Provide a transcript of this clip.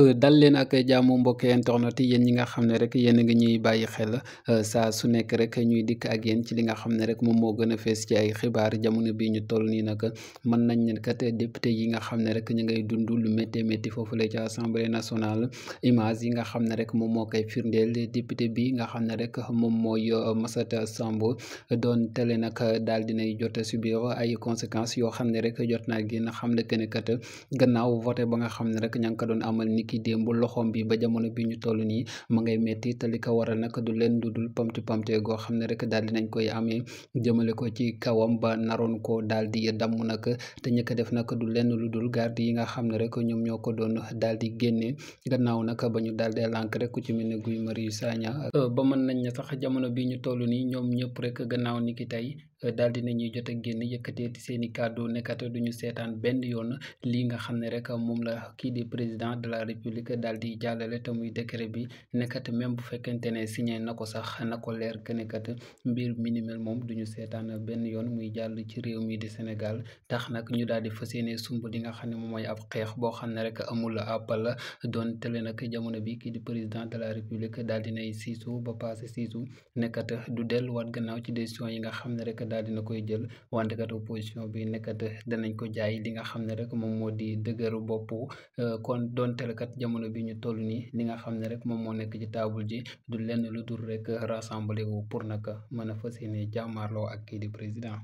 Euh, dal leen ak jàmm mbokk internet yi yéen ñi nga xam ne rek yéen a ñuy bàyyi xel euh, saa su nekk rek ñuy dikk ak yéen ci li nga xam ne rek moom moo gën a fees ci ay xibaar jamono bi ñu toll nii nag mën nañ ne kat député yi nga xam ne rek ñu ngay dund lu métti métti foofu la ci assemblée nationale image yi nga xam ne rek moom moo koy firndeel député bi nga xam ne rek moom mooy euh, Massata sambo doon tele nag daal dinay jot subir ay conséquences yoo xam ne rek jot na génn xam ne kat gannaaw voté ba nga xam ne rek ña nga doon amal nit ki démb loxoom bi ba jamono bi ñu toll nii ma ngay metti te li ko waral nag du leen dudul pamti pamte goo xam ne rek daal nañ koy amee jëmale ko ci kawam ba naroon ko daal di damm nag te ñëkk def nag du lenn lu dul garde yi nga xam ne rek ñoom ñoo ko doon daal di génne gannaaw nag ba ñu daal di lànk rek ku ci mel ne Guy Marius Sagna ba mën nañ ne sax jamono bi ñu toll nii ñoom ñëpp rek gannaaw ni ki tey daal di nañuy jot a génn yëkkateeti seen i kàddu nekkat duñu seetaan benn yoon lii nga xam ne rek moom la kii di président de la république daal di jàllale te muy décret bi nekkat même bu fekkente ne signé na ko sax na ko leer que nekkat mbir minimal moom duñu seetaan benn yoon muy jàll ci réew mi di Sénégal tax nag ñu daal di fas yéene sumb li nga xam ne moom mooy ab xeex boo xam ne rek amul àppal la doon tele nag jamono bi kii di président de la république daal di nay siisu ba passé siisu nekkat du delluwaat gannaaw ci décision yi nga xam ne rek daal dina koy jël wante kat opposition bi nekkat danañ ko jaay li nga xam ne rek moom moo di dëgëru bopp euh, kon donte kat jamono bi ñu toll nii li nga xam ne rek moom moo nekk ci taabul ji du lenn lu dul rek rassembler wu pour naka mën a fa yéene jàmmaarloo ak kii di président.